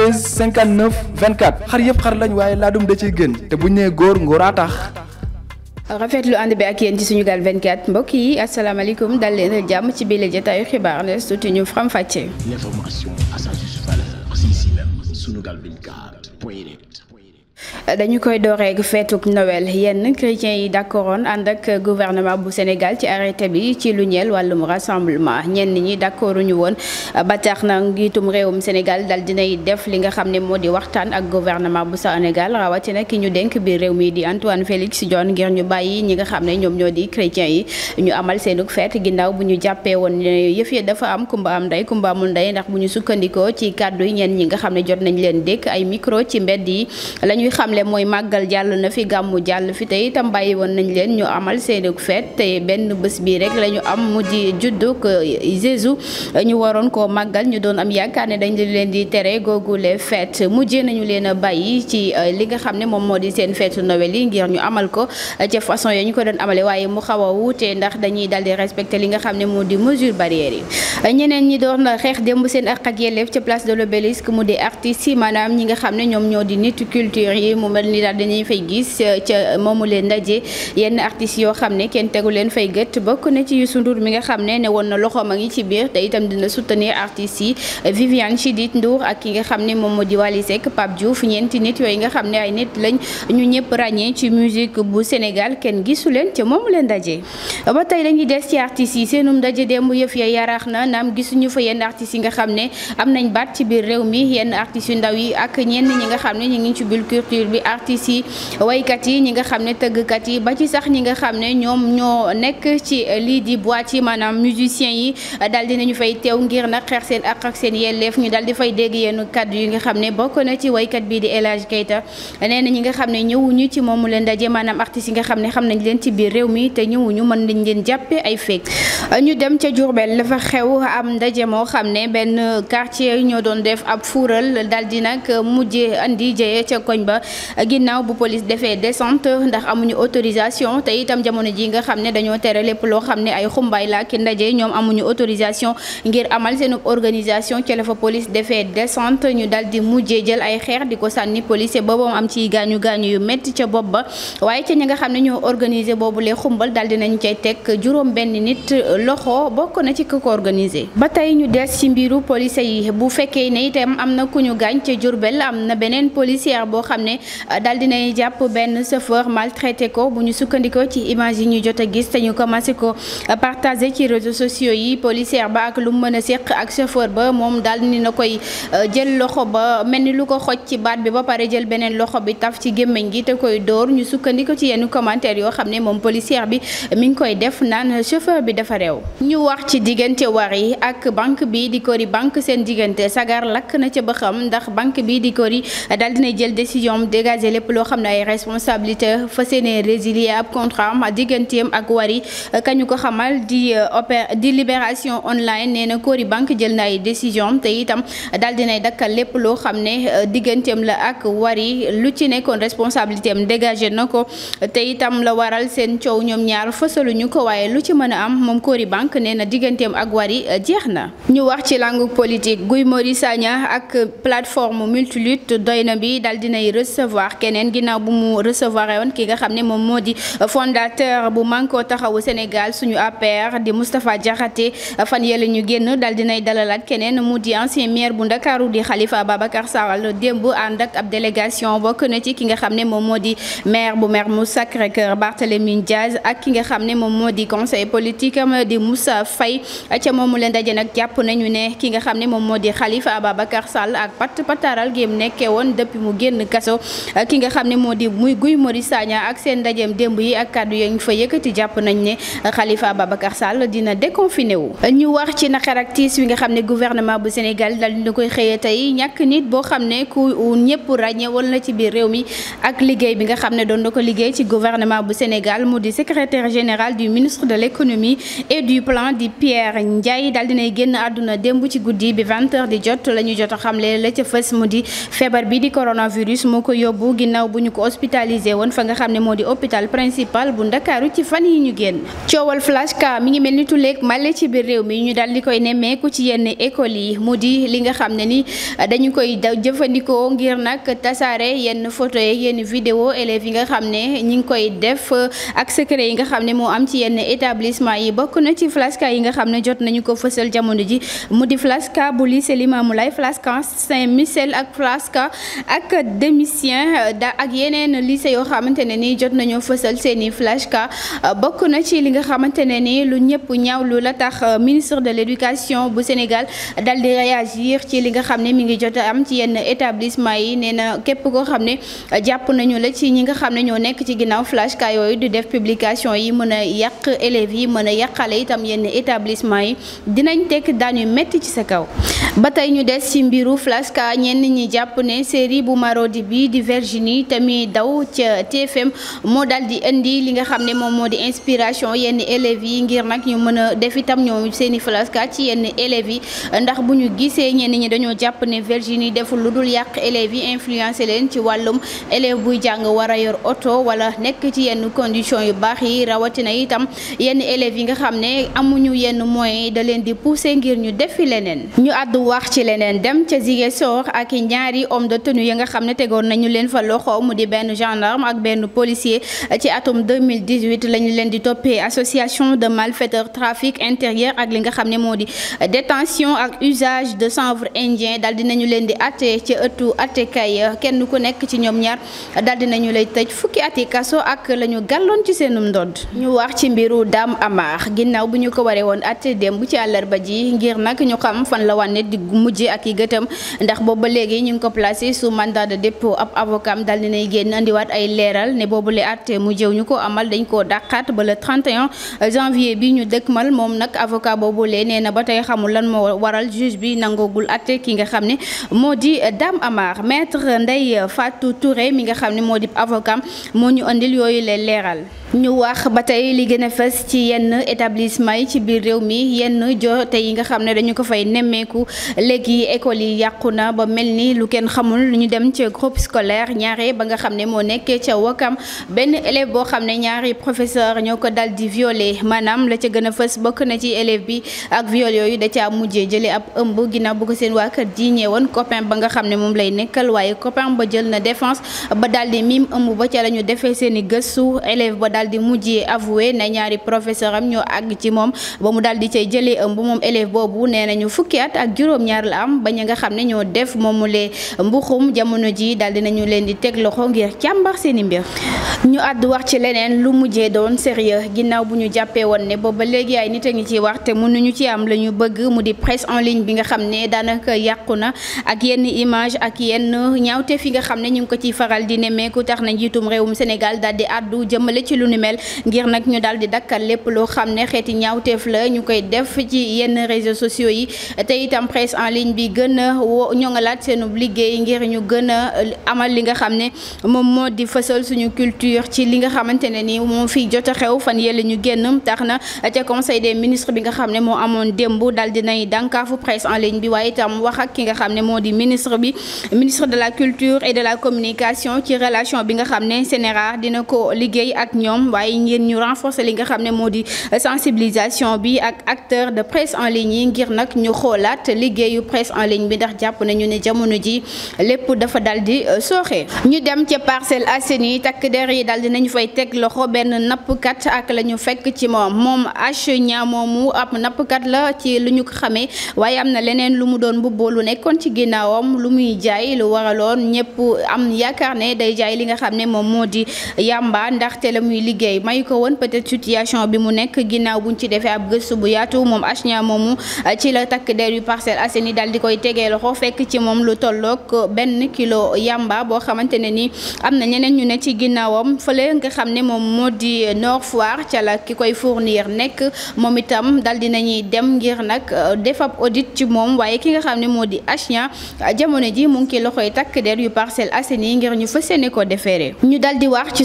13 59 24 xar yëpp xar lañ waaye laadum da ciy gën te bu nee góor ngóoraa tax. rafetlu ànd bi ak yéen ci Sunugal 24 mbokk yi asalaamaaleykum dal leen a jàmm ci biir jotaayu xibaar ne suuti ñu faram fàccee. l'information à sa juste valeur, c'est ici même Sunugal dañu koy dooreeg feetuk Noël yenn chrétiens yi d'accordoon ànd ak gouvernement bu Sénégal ci arrêté bi ci lu ñeel wàllum rassemblement ñenn ñi d'accorduñu woon ba na ngiitum réewum Sénégal dal dinay def li nga xam ne moo di waxtaan ak gouvernement bu Sénégal rawatina ki ñu dénk biir réew mi di Antoine Félix Diome ngir ñu bàyyi ñi nga xam ne ñoom ñoo di chrétiens yi ñu amal seenug feet ginnaaw bu ñu jàppee woon yëf ya dafa am kumba am ndey kumba amul ndax bu ñu sukkandikoo ci kàddu yi ñenn ñi nga xam ne jot nañ leen dékk ay micro ci mbedd yi xamle mooy màggal jàll na fi gàmmu jàll fi te itam bàyyi woon nañ leen ñu amal seeni feet te benn bés bii rek la ñu am mu di juddug Jésus ñu waroon koo màggal ñu doon am yaakaar ne dañ leen di tere googule feet mujjee nañu leen a bàyyi ci euh, li nga xam ne moom moo di seen feetu Noël yi ngir ñu amal ko euh, ca façon ya ñu ko doon amale waaye mu xaw a wuute ndax dañuy daal di respecté li nga xam ne moo di mesure barrière yi ñeneen ñi doon xeex démb seen ak ak yelleef ca place de di artistes ñi nga xam ne ñoom ñoo di mu mel ni daal dañuy fay gis euh, ca moomu leen ndaje yenn artistes yoo xam ne kenn tegu fay gët bokk na ci Youssou Ndour mi nga xam ne ne woon na loxoom a ngi ci biir te itam dina soutenir artistes yi euh, Viviane Chidid Ndour ak ki nga xam ne moom moo di Wally Seck Pape Diouf ñeenti nit yooyu nga xam ne ay nit lañ ñu ñëpp ràññee ci musique bu Sénégal ba tey dañuy des ci artistes yi seenum ndaje démb yëf ak ñenn ñi nga xam ne ñu ngi ci bulle culture bi artistes yi waykat yi ñi nga xam ne tëggkat yi ba ci sax ñi nga xam ne ñoom ñoo nekk ci eh, lii di boîte yi maanaam musiciens yi daal dinañu fay teew ngir nag xeex seen ak ak seen yelleef ñu dal di fay dégg yenn kàddu yi nga xam ne bokk na ci waykat bii di El kayta Keita nee ñi nga xam ne ñëwuñu ci moomu leen daje maanaam artistes yi nga xam ne xam nañ leen ci biir réew mi te ñëwuñu mën nañ leen jàppe ay fekk ñu dem ca Diourbel dafa xew am ndaje moo xam ne benn quartier ñoo doon def ab fuural daal di nag mujje andi jëye ba a ginnaaw bu police defee descente ndax amuñu autorisation te itam jamono ji nga xam ne dañoo tere lépp loo xam ne ay xumbaay la ak ndaje ñoom amuñu autorisation ngir amal seenu organisation ci la fa police defee descente ñu dal di mujjee jël ay xeex di ko sànni policier ba boom am ci gaañu gaañu yu métti ca bopp ba waaye ca ñi nga xam ne ñoo organisé boobu lee xumbal daal dinañ cay teg juróom benn nit loxo bokk na ci ku ko organisé ba tey ñu des ci mbiru policier yi bu fekkee ne itam am na ku ñu gaañ ca Jurbel am na beneen policière boo xam ne Euh, daal dinay jàpp benn chauffeur maltraité ko bu ñu sukkandikoo ci image yi ñu jot a gis te ñu commencé ko euh, partagé ci réseaux sociaux yi policière ba ak lu mën a séq ak chauffeur ba moom daal ni na koy euh, jël loxo ba mel ni lu ko xoj ci baat bi ba pare jël beneen loxo bi taf ci gémmiñ gi te koy dóor ñu sukkandiko ci yenn commentaire yoo xam ne moom policière bi mi ngi koy def naan chauffeur bi dafa réew ñu wax ci diggante war yi ak banque bi di Cori banque seen diggante sagar lakk na ca ba ndax banque bi di Cori dégager lépp loo xam ne ay responsabilité fa seenee résilier ab contrat am digganteem ak wari kañu ko xamal di euh, opé di libération online nee na Cory Bank jël na décision te itam daal dinay dakkal lépp loo xam ne euh, digganteem la ak wari lu ci nekkoon responsabilité am dégagé na ko te itam la waral seen coow ñoom ñaar fësaluñu ko waaye lu ci mën a am moom Cory Bank nee na digganteem ak wari euh, jeex na ñu wax ci langue politique Guy Marius ak plateforme Multilutte doy na bi daal dinay recevoir recevoir keneen ginnaaw bu mu recevoir woon ki nga xam ne moom moo di fondateur bu Manko taxawu Sénégal suñu APR di Moustapha Diakhaté fan yële ñu génn dal dinay dalalaat keneen mu di ancien maire bu Ndakaaru di Khalifa Babacar Sall démb ànd ak ab délégation bokk na ci ki nga xam ne moom moo di maire bu maire mu Sacré-Cœur Barthélémy Diaz ak ki nga xam ne moom moo di conseil politique am di Moussa Faye ca moomu leen daje nag jàpp nañu ne ki nga xam ne moom moo di Khalifa Babacar Sall ak pat pataral mu nekkee woon depuis mu génn kaso Euh, ki nga xam ne moo di muy Guy Marius Sagna ak seen ndajeem démb yi ak kàddu yi ñu fa yëkkati jàpp nañ ne Khalifa Babacar Sall dina déconfiné wu. ñu wax ci na ak tiis wi nga xam ne gouvernement bu Sénégal dal dina koy xëyee tey ñakk nit boo xam ne ku ñëpp ràññee woon na ci biir réew mi ak liggéey bi nga xam ne doon na ko liggéey ci gouvernement bu Sénégal mu di secrétaire général du ministre de l'économie et du plan di Pierre Ndiaye dal dinay génn àdduna démb ci guddi bi 20 di jot la ñu jot a yóbbu ginnaaw bu ñu ko hospitalisé woon fa nga xam ne moo di hôpital principal bu ndakaaru ci fan yi ñu génn coowal flash mi ngi mel ni tuleeg màlle ci biir réew mi ñu daal di koy nemmeeku ci yenn école yi mu di li nga xam ne ni dañu koy tasaare yenn photo yi yenn vidéo élèves yi nga xam ne ñi ngi koy def ak secret yi nga xam ne moo am ci yenn établissement yi bokk na ci flash yi nga xam ne jot nañu ko fësal jamono ji mu di flash cas bu lycée Limamoulaye flash Saint-Michel ak flash ak demi Dieng da ak yeneen lycée yoo xamante ne ni jot nañoo fësal seeni i flash euh, bokk na ci li nga xamante ne ni lu ñëpp ñaawlu la tax euh, ministre de l'éducation bu Sénégal dal di réagir ci li nga xam ne mi ngi jot am ci yenn établissement yi nee na képp koo xam ne euh, jàpp nañu la ci ñi nga xam ne ñoo nekk ci ginnaaw flash yooyu di def publication yi mën a yàq élèves yi mën a yàqale itam yenn établissement yi dinañ tekk daañu metti ci sa kaw ba tey ñu des ci mbiru Flash ka ñenn jàpp ne série bu Marodi bi di Virginie tamit daw ca TFM moo daal di indi li nga xam ne moom moo di inspiration yenn élèves yi ngir nag ñu mën a def itam ñoom seeni i ci yenn élèves yi ndax bu ñu gisee ñenn ñi dañoo jàpp ne Virginie deful lu dul yàq élèves yi influencé leen ci wàllum élève buy jàng war a yor oto wala nekk ci yenn condition yu baax yi rawatina itam yenn élèves yi nga xam ne amuñu yenn moyens da leen di pousser ngir ñu defi wax ci leneen dem ca Ziguinchor ak ñaari homme de tenue yi nga xam ne tegoon nañu leen fa loxo mu di benn gendarme ak benn policier ci atum 2018 lañu leen di toppee association de malfaiteurs trafic intérieur ak li nga xam ne moo di détention ak usage de chanvre indien daal nañu leen di atte ci ëttu attekay kenn ku nekk ci ñoom ñaar daal nañu lay tëj fukki ati kaso ak lañu ñu ci seenum ndodd ñu wax ci mbiru Dame Amar ginnaaw bu ñu ko waree woon atte di mujje ak i gëtam ndax boobu ba léegi ñu ngi ko placé su mandat de dépôt ab avocat am daal dinay génn andiwaat ay leeral ne boobu le àtte mu jëw ñu ko amal dañ koo dàqaat ba le 31 janvier bi ñu dëkkmal moom nag avocat boobu lee nee na ba tey xamul lan moo waral juge bi nangoogul àtte ki nga xam ne moo di Dame Amar maître Ndeye Fatou Touré mi nga xam ne moo di avocat moo ñu indil yooyu lee leeral ñu wax ba tey li gën a fës ci yenn établissement yi ci biir réew mi yenn joote yi nga xam ne dañu ko fay nemmeeku léegi école yi yàqu na ba mel ni lu kenn xamul ñu dem ci groupe scolaire ñaare ba nga xam ne moo nekk ca Wakam benn élève boo xam ne ñaari professeur ñoo ko dal di violé maanaam la ca gën a fës bokk na ci élève bi ak viol yooyu da caa mujjee jëlee ab ëmb ginnaaw bu ko seen waa kër ji ñeewoon ba nga xam ne moom lay nekkal waaye copain ba jël na défense ba daal di miim defee seen i gëstu daal di mujjee avoué ñaari professeur am ñoo àgg ci moom ba mu daal di jële jëlee ëmb moom éléve boobu nee nañu fukki at ak juróom-ñaar la am ba ña nga xam ne ñoo def moomulee mbuxum jamono ji daal nañu leen di teg loxo ngir càmbar seeni mbir ñu àddu wax ci leneen lu mujjee doon sérieux ginnaaw bu ñu jàppee woon ne booba léegi yaay nit a ngi ciy wax te mënuñu ci am la ñu bëgg mu di presse en ligne bi nga xam ne daanaka yàqu na ak yenn image ak yenn ñaawteef yi nga xam ne ñu ngi ko ciy faral di nemmeeku tax na njiitum réewum Sénégal ni mel ngir nag ñu daal di dakkal lépp loo xam ne xeeti ñaawteef la ñu koy def ci yenn réseaux sociaux yi te itam presse en ligne bi gën a wo ñoŋalaat seenub liggéey ngir ñu gën a euh, amal li nga xam ne moom moo di fësal suñu culture ci li nga xamante ne ni moom fi jot a xew fan yële ñu génn tax na ca conseil des ministres bi nga xam ne moo amoon démb daal dinay dànkaafu presse en ligne bi waaye itam wax ak ki nga xam ne moo di ministre bi ministre de la culture de la communication ci relation bi nga xam ñoom waaye ngeen ñu renforcer li nga xam ne moo di sensibilisation bi ak acteur de presse en ligne yi ngir nag ñu xoolaat liggéeyu presse en ligne bi ndax jàpp nañu ne jamono ji lépp dafa dal di euh, sooxe ñu dem ca Parcelles Assainies takk der yi dal di nañu fay teg loxo benn nappkat ak la ñu fekk ci moom moom H ñaa moomu ab nappkat la ci lu ñu ko waaye am na leneen lu mu doon mbubboo lu nekkoon ci ginnaawam lu muy jaay lu waraloon ñëpp am yaakaar ne day jaay li liggéey mayu ko woon peut situation bi mu nekk ginnaaw buñ ci defee ab gëstu bu yaatu moom Acheña moomu euh, ci la takk der yu Parcelles Assainies daal di koy tegee loxo fekk ci moom lu tolloog benn kilo yamba boo xamante ne ni am na ñeneen ñu ne ci ginnaawam fële nga xam ne moom moo di Nord Foire ca la ki koy fournir nekk moom itam dal dinañuy dem ngir nag euh, defab ab audit ci moom waaye ki nga xam ne moo di Acheña jamono ji mu ngi ci loxoy takk der yu Parcelles Assainies ngir ñu ñu dal di wax ci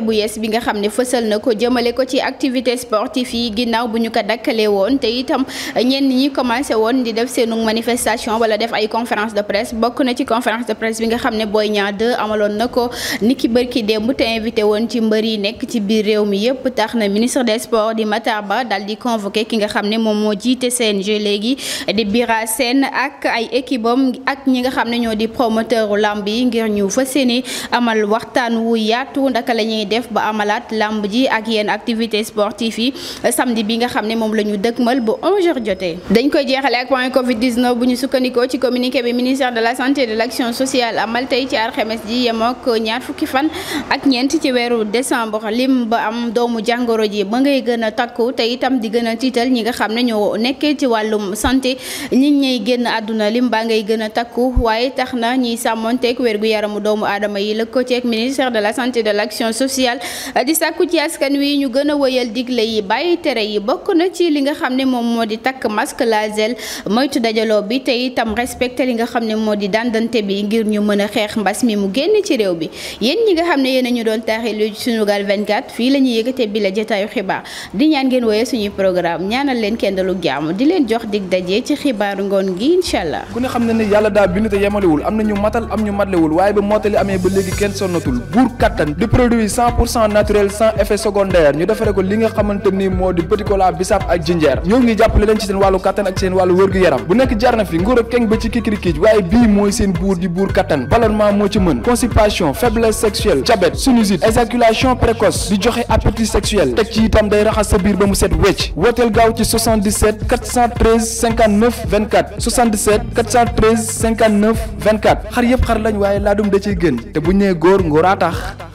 communiqué bu yees bi nga xam ne fësal na ko jëmale ko ci activité sportive yi ginnaaw bu ñu ko dakkalee te itam ñenn ñi commencé woon di def seenu manifestation wala def ay conférence de presse bokk na ci conférence de presse bi nga xam ne Boy Niang 2 amaloon na ko niki bërki démb te invité woon ci mbër yi nekk ci biir réew mi yëpp tax na ministre des sports di Matar Ba daal di convoqué ki nga xam ne moom moo jiite CNG léegi di Bira Sène ak ay équipe am ak ñi nga ne ñoo di promoteur lamb yi ngir ñu fas def ba amalaat làmb ji ak yenn activité sportive yi samedi bi nga xam ne moom la ñu dëkkmal ba 11h jotee. dañ koy jeexale ak point Covid 19 bu ñu sukkandikoo ci communiqué bi ministère de la santé et de l' action sociale amal tey ci alxames ji yem ak ñaar fukki fan ak ñeent ci weeru décembre lim ba am doomu jàngoro ji ba ngay gën a takku te itam di gën a tiital ñi nga xam ne ñoo nekkee ci wàllum santé nit ñay génn àdduna lim ba ngay gën a takku waaye tax na ñiy sàmmonteeg wér gu yaramu doomu aadama yi lëkkoo ceeg ministère la santé et de sociale eh, di sàkku ci askan wi ñu gën a wëyal digle yi bàyyi tere yi bokk na ci li nga xam ne moom moo di takk masque lazel moytu dajaloo bi te itam respecté li nga xam ne moo di dandante bi ngir ñu mën a xeex mbas mi mu génn ci réew bi yéen ñi nga xam ne yéen ñu doon taaxi lu Sunugal 24 fii la ñuy yëkkate bi la jotaayu xibaar di ñaan ngeen woyee suñuy programme ñaanal leen kenn dalu jàmm di leen jox dig daje ci xibaaru ngoon gi incha allah. ku ne xam ne ni yàlla daa bind am na ñu matal am ñu matalewul waaye ba mottali amee ba léegi kenn sonnatul buur cent pour cent naturel sans effet secondaire ñu defare ko li nga xamante ni moo di petit cola bisaab ak jinjeer ñoo ngi jàppale leen ci seen wàllu kattan ak seen wàllu wërgu yaram bu nekk jarna fi nguur ak keng ba ci kikirikiij waaye bii mooy seen buur di buur kattan ballonnement moo ci mën constipation faiblesse sexuelle diabète sinusite éjaculation précoce di joxe appétit sexuel teg ci itam day raxas sa biir ba mu set wecc wooteel gaaw ci 77 413 59 24 77